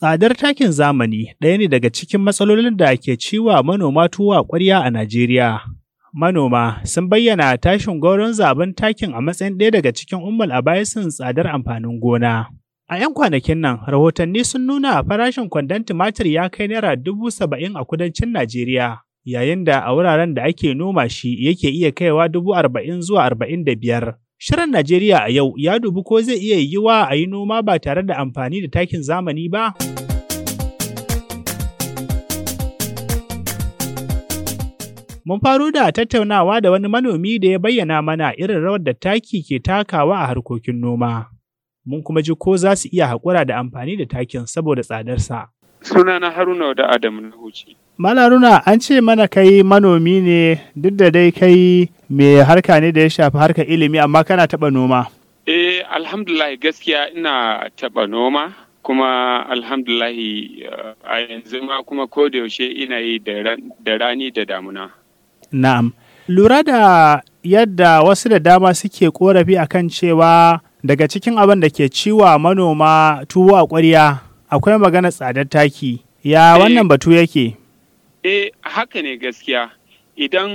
Tsadar takin zamani ɗaya ne daga cikin matsalolin da ke ciwa manoma tuwa ƙwarya a Najeriya. Manoma sun bayyana tashin gauron zaben takin a matsayin ɗaya daga cikin ummal sun tsadar amfanin gona. A 'yan kwanakin nan, rahotanni sun nuna farashin kwandon tumatir ya kai naira dubu saba'in a kudancin Najeriya, yayin da a wuraren da ake noma shi yake iya kaiwa dubu arba'in zuwa arba'in da biyar. Shirin Najeriya a yau ya dubi ko zai iya yiwa a yi noma ba tare da amfani da takin zamani ba. Mun faru da tattaunawa da wani manomi da ya bayyana mana irin rawar da taki ke takawa a harkokin noma. Mun kuma ji ko za su iya haƙura da amfani da takin saboda tsadarsa. Suna na Haruna da Adamu na huce. Mala Haruna an ce mana kai manomi ne duk da dai kai mai harka ne da ya shafi harkar ilimi amma kana taɓa noma. Eh alhamdulahi gaskiya ina taɓa noma kuma alhamdulahi eh, a yanzu ma kuma ko da yaushe ina yi da rani da damuna. Na'am. Lura da yadda wasu da dama suke korafi akan cewa daga cikin abin da ke ciwa manoma tuwo a ƙwarya akwai magana tsadar taki ya eh. wannan batu yake eh haka ne gaskiya idan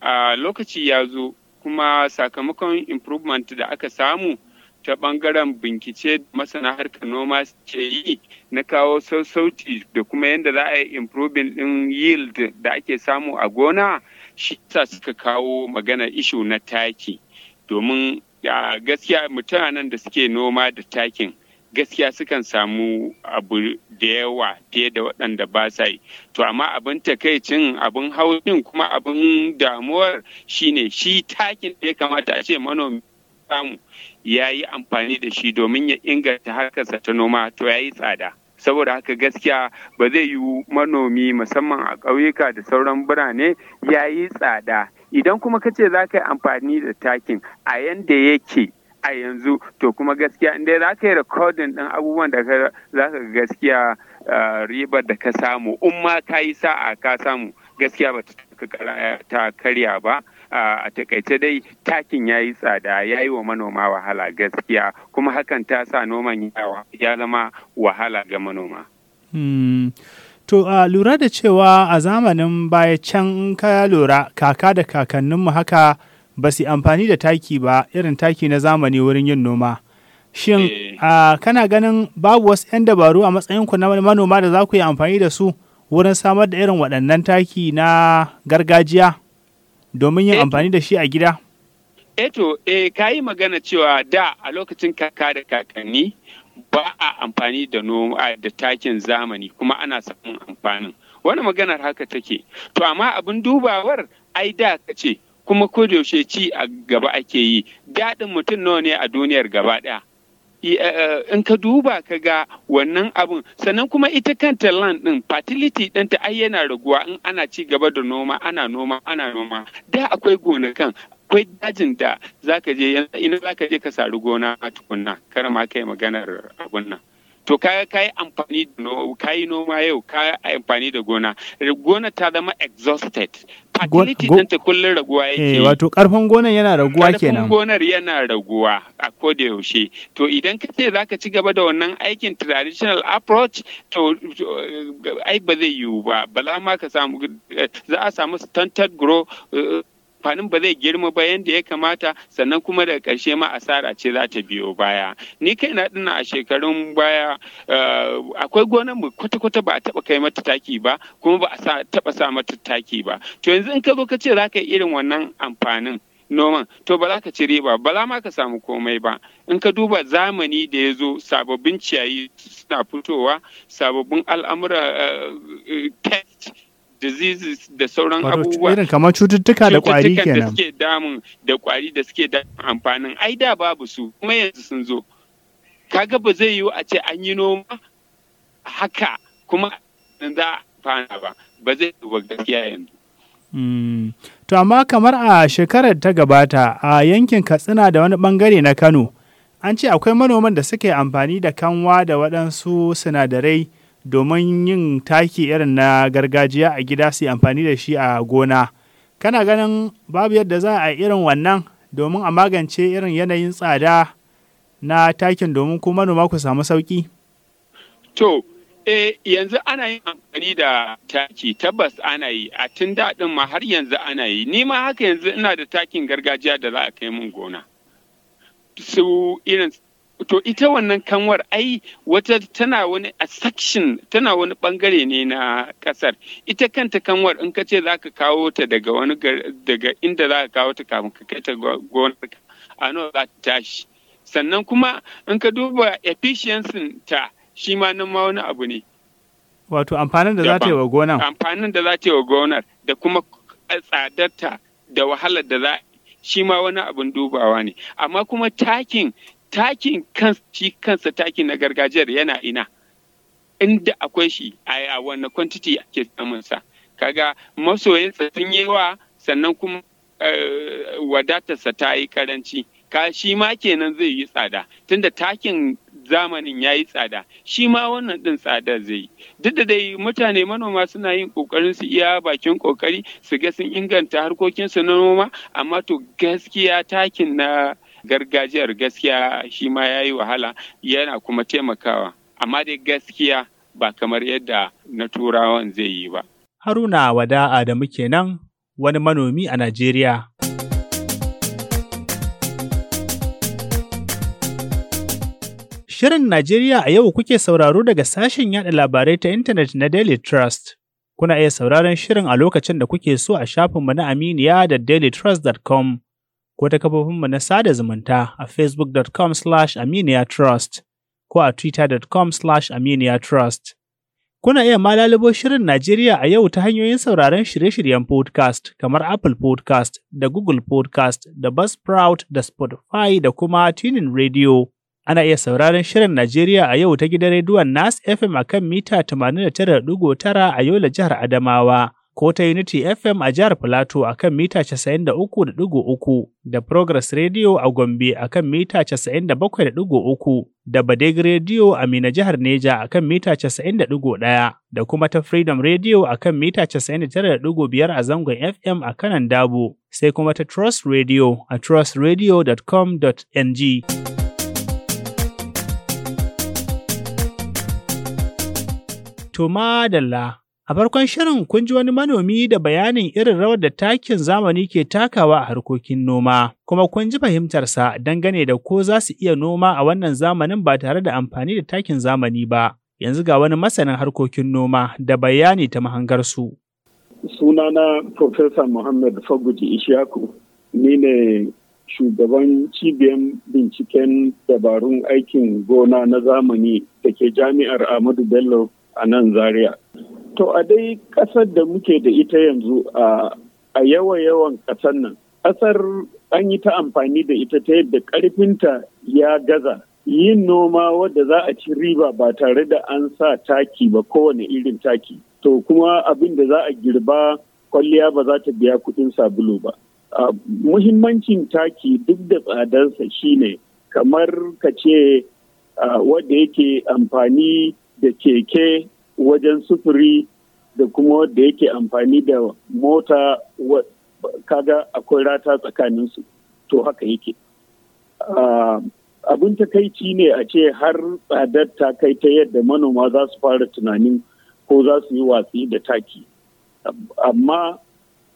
a lokaci ya zo kuma sakamakon improvement da aka samu ta bangaren bincike masana harkar noma ke yi na kawo sauti da kuma yadda za a yi improving din yield da ake samu a gona shi ta suka kawo magana ishu na taki domin gaskiya mutanen da suke noma da takin gaskiya sukan samu abu da yawa fiye da waɗanda ba sa yi to amma abin takaicin abin haurin kuma abin damuwar shine shi takin da ya kamata a ce manomi samu ya yi amfani da shi domin ya inganta harkarsa ta noma to ya yi tsada saboda haka gaskiya ba zai yi manomi musamman a ƙauyuka da sauran birane ya yi tsada idan kuma ka ce za ka yi amfani da takin a yanda yake a yanzu to kuma gaskiya inda za ka yi rikodin din abubuwan da za ka gaskiya ah, ribar da ka samu in ma ka yi sa'a ka samu gaskiya ba ta karya ba ah, a takaice dai takin ya yi tsada ya yi wa manoma wahala gaskiya kuma hakan ta sa noman ya zama wahala ga manoma. Hmm. To a ah, lura da cewa a zamanin baya can ka lura kaka da kakanninmu haka ba su amfani da taki ba irin taki na zamani wurin yin noma. Shin eh. kana ganin babu wasu 'yan dabaru a matsayinku na manoma da za ku yi amfani da su wurin samar da irin waɗannan taki na gargajiya domin yin eh amfani da shi a gida? Eto, eh e, ka yi magana cewa da a lokacin kaka da kakanni ba a amfani da noma da takin zamani kuma ana samun amfanin. Wani maganar haka take. To, amma abin dubawar ai da ka ce kuma ko yaushe ci a gaba ake yi daɗin mutum nawa ne a duniyar gaba ɗaya eh, eh, in ka duba ka ga wannan abun sannan kuma ita kanta land ɗin, fertility ɗinta ai yana raguwa in ana ci gaba da noma ana noma ana noma da akwai gonakan akwai dajin da zaka je ina zaka je ka sari gona a tukunna kar ma kai maganar abun nan to ka yi amfani ka yi noma yau ka yi amfani da gona gona ta zama exhausted fertility din ta kullun raguwa eh, yake wato karfin gonar yana raguwa kenan karfin gonar yana raguwa a koda yaushe to idan ka ce zaka ci gaba da wannan aikin traditional approach to ai ba zai yiwu ba bala ma ka samu eh, za a samu stunted grow eh, amfanin ba zai girma ba yadda ya kamata sannan kuma daga ƙarshe ma asara ce za ta biyo baya ni kai na dina a shekarun baya eh, akwai gonar mu kwata-kwata ba a taba kai mata taki ba kuma ba a taba sa mata taki ba to yanzu in ka zo ka ce za ka yi irin wannan amfanin noman to ba za ka ci riba ba za ma ka samu komai ba in ka duba zamani da ya zo sababbin ciyayi suna fitowa sababbin al'amura test eh, eh, diseases da sauran abubuwa irin kamar cututtuka da kwari kenan da suke damun da kwari da suke da amfanin ai da babu su kuma yanzu sun zo kaga ba zai yiwu a ce an yi noma haka kuma za fana ba ba zai yiwu ba gaskiya yanzu hmm. To amma kamar a shekarar ta gabata a yankin Katsina da wani bangare na Kano, an ce akwai manoman da suke amfani da kanwa da waɗansu sinadarai domin yin taki irin na gargajiya a gida su amfani da shi a gona kana ganin babu yadda za a irin wannan domin a magance irin yanayin tsada na takin domin kuma manoma ku samu sauki to eh yanzu ana yin amfani da taki tabbas ana yi a tun daɗin ma har yanzu ana yi ni ma haka yanzu ina da takin gargajiya da za a kai mun gona su irin to ita wannan kanwar ai wata tana wani a section tana wani bangare ne na kasar ita kanta kanwar in ka ce za ka kawo ta daga wani daga inda za ka kawo ta kafin ka kai ta gonarka, a nawa za ta tashi sannan kuma in ka duba efficiency ta shi ma nan ma wani abu ne wato amfanin da za ta yi wa gonar amfanin da za ta yi wa gonar da kuma tsadarta da wahalar da za shi ma wani abin dubawa ne amma kuma takin takin shi kansa takin na gargajiyar yana ina inda akwai shi a wannan kwantiti ake samunsa kaga masoyinsa sun yi wa sannan kuma eh, wadatarsa ta yi karanci ka shi ma kenan zai yi tsada tunda takin zamanin ya yi tsada shi ma wannan din tsada zai yi duk da dai mutane manoma suna yin ƙoƙarin su iya bakin ƙoƙari su ga sun inganta harkokinsu na noma amma to gaskiya takin na gargajiyar gaskiya shi ma ya yi wahala yana kuma taimakawa amma dai gaskiya ba kamar yadda na turawan zai yi ba. Haruna wada'a da muke nan wani manomi a Najeriya. Shirin Najeriya a yau kuke sauraro daga sashen yada labarai ta intanet na Daily Trust. Kuna iya sauraron shirin a lokacin da kuke so a shafinmu na Aminiya da dailytrust.com ko ta kafofinmu na sada zumunta a facebook.com slash aminiyatrust ko a twitter.com slash aminiyatrust. Kuna iya ma shirin Najeriya a yau ta hanyoyin sauraron shirye-shiryen podcast kamar Apple podcast da Google podcast da Buzzsprout da Spotify da kuma Tuning Radio. Ana iya sauraron shirin Najeriya a yau ta gidan rediyon Nas FM a kan mita 89.9 a Yola jihar Adamawa. ko ta Unity FM a jihar Filato a kan mita 93.3 da Progress Radio a Gombe a kan mita 97.3 da Badeg Radio a Mina jihar Neja a kan mita 91.1 da kuma ta Freedom Radio a kan mita 99.5 a zangon FM a kanan Dabo sai kuma ta Trust Radio a trustradio.com.ng. To Dalla. A farkon shirin kun ji wani manomi da bayanin irin rawar da takin zamani ke takawa a harkokin noma, kuma kun ji fahimtarsa dangane da ko za su iya noma a wannan zamanin ba tare da amfani da takin zamani ba. Yanzu ga wani masanin harkokin noma da bayani ta mahangarsu. Sunana Profesa Muhammad Faguji Ishaku, ni ne shugaban cibiyar binciken dabarun aikin gona na zamani da ke jami'ar Ahmadu Bello a nan Zaria. To a dai ƙasar da muke da ita yanzu a yawa-yawan ƙasar nan. Ƙasar an yi ta amfani da ita ta yadda ƙarfinta ya gaza. Yin noma wadda za a ci riba ba tare da an sa taki ba kowane irin taki. To kuma abin da za a girba kwalliya ba za ta biya kuɗin sabulu ba. Muhimmancin taki duk da tsadarsa shine kamar ka ce wadda yake amfani da keke wajen sufuri da kuma wadda yake amfani da mota kaga akwai rata tsakanin su to haka yake ah, abin takaici ne a ce har tsadar ta kai ta yadda manoma za su fara tunanin ko za su yi watsi da taki amma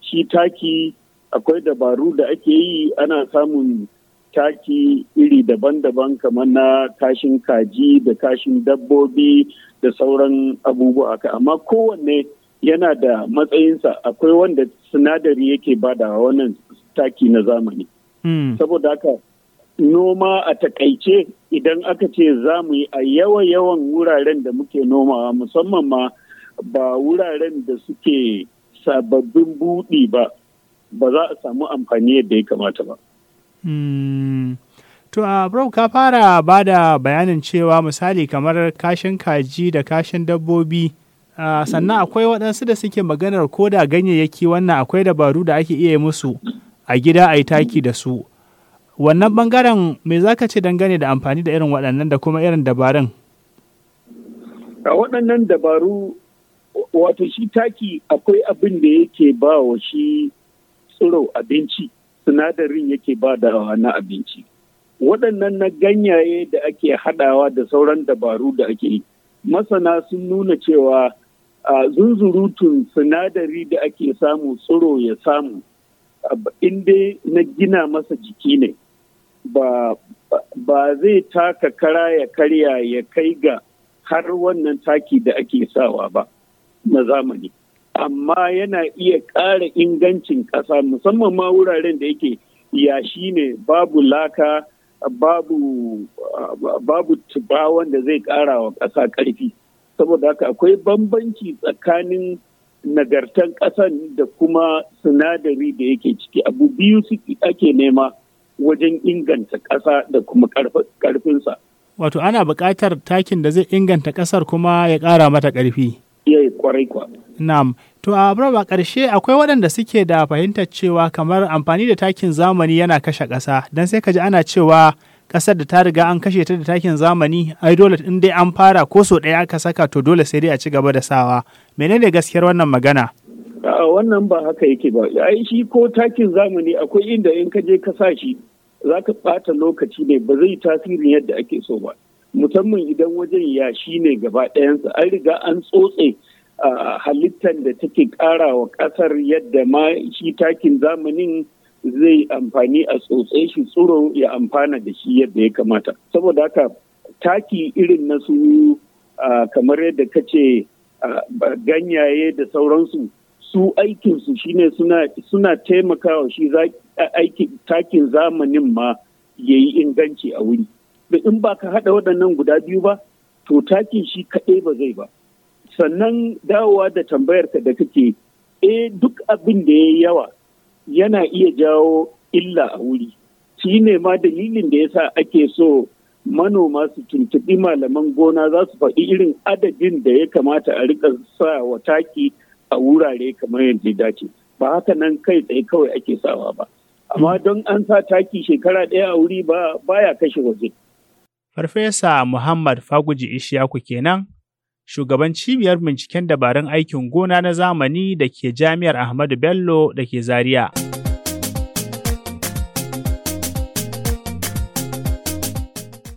shi taki akwai dabaru da ake yi ana samun taki iri daban-daban kamar na kashin kaji da kashin dabbobi da sauran abubuwa ka amma kowanne yana da matsayinsa akwai wanda sinadari yake bada wannan taki na zamani hmm. saboda haka noma a takaice idan aka ce za mu yi a yawa-yawan wuraren da muke nomawa musamman ma ba wuraren da suke sababbin buɗi ba ba za a samu amfani yadda ya kamata ba. Hmm. To a Brok ka fara ba da bayanin cewa misali kamar kashin kaji da kashin dabbobi sannan akwai waɗansu da suke maganar ko da ganyayyaki wannan akwai dabaru da ake iya musu a gida a yi taki da su. Wannan ɓangaren me za ka ce dangane da amfani da irin waɗannan da kuma irin dabarun? A waɗannan dabaru wato shi taki akwai abin da yake ba wa shi tsiro abinci. sinadarin yake ba da na abinci waɗannan na ganyaye da ake haɗawa da sauran dabaru da ake yi masana sun nuna cewa a zunzurutun sinadari da ake samu tsoro ya samu in dai na gina masa jiki ne ba zai taka kara ya karya ya kai ga har wannan taki da ake sawa ba na zamani. amma yana iya ƙara ingancin ƙasa musamman ma wuraren da yake yashi ne babu laka babu babu tuba wanda zai ƙara wa ƙasa ƙarfi saboda haka akwai bambanci tsakanin nagartan ƙasan da kuma sinadari da yake ciki abu biyu ake nema wajen inganta ƙasa da kuma ƙarfinsa. Wato ana buƙatar takin da zai inganta ƙasar kuma ya ƙara mata ƙarfi. iya kwarai kwa. Na'am. To a ba ƙarshe akwai waɗanda suke da fahimtar cewa kamar amfani da takin zamani yana kashe ƙasa don sai ka ji ana cewa ƙasar da ta riga an kashe ta da takin zamani ai dole in dai an fara ko so ɗaya aka saka to dole sai dai a ci gaba da sawa menene gaskiyar wannan magana a wannan ba haka yake ba ai shi ko takin zamani akwai inda in ka je ka sa shi za ka ɓata lokaci ne ba zai tasirin yadda ake so ba musamman idan wajen ya shi ne gaba ɗayansa an riga an tsotse halittar da take ƙara wa ƙasar yadda ma shi takin zamanin zai amfani a tsotse shi tsoro ya amfana da shi yadda ya kamata saboda haka taki irin na su kamar yadda ka ce ganyaye da sauransu su aikinsu shine suna, suna taimakawa shi takin zamanin ma ya yi inganci a wuri da in ba ka haɗa waɗannan guda biyu ba to takin shi kaɗai ba zai ba sannan dawowa da tambayar ka da kake e duk abin da ya yawa yana iya jawo illa a wuri shi ne ma dalilin da ya yasa ake so manoma su tuntuɓi malaman gona za su faɗi irin adadin da ya kamata a riƙa sa wa taki a wurare kamar yadda ya dace ba haka nan kai tsaye kawai ake sawa ba amma don an sa taki shekara ɗaya a wuri ba baya kashe waje Farfesa Muhammad Faguji Ishaku kenan, shugaban cibiyar binciken dabarun aikin gona na zamani da ke Jami'ar Ahmadu Bello da ke Zariya.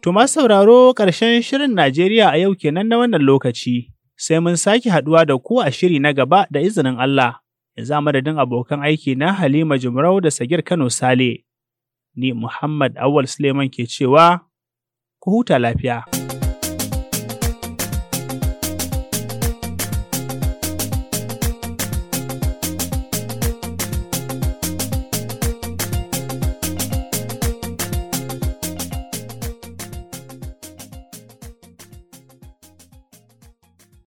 Tuma sauraro ƙarshen shirin Najeriya a yau kenan na wannan lokaci, sai mun sake haɗuwa da ku a shiri na gaba da izinin Allah. za madadin abokan aiki na Halima Jumrau da Sagir Kano Sale. Ni Muhammad Awal Suleiman ke cewa Ku huta lafiya.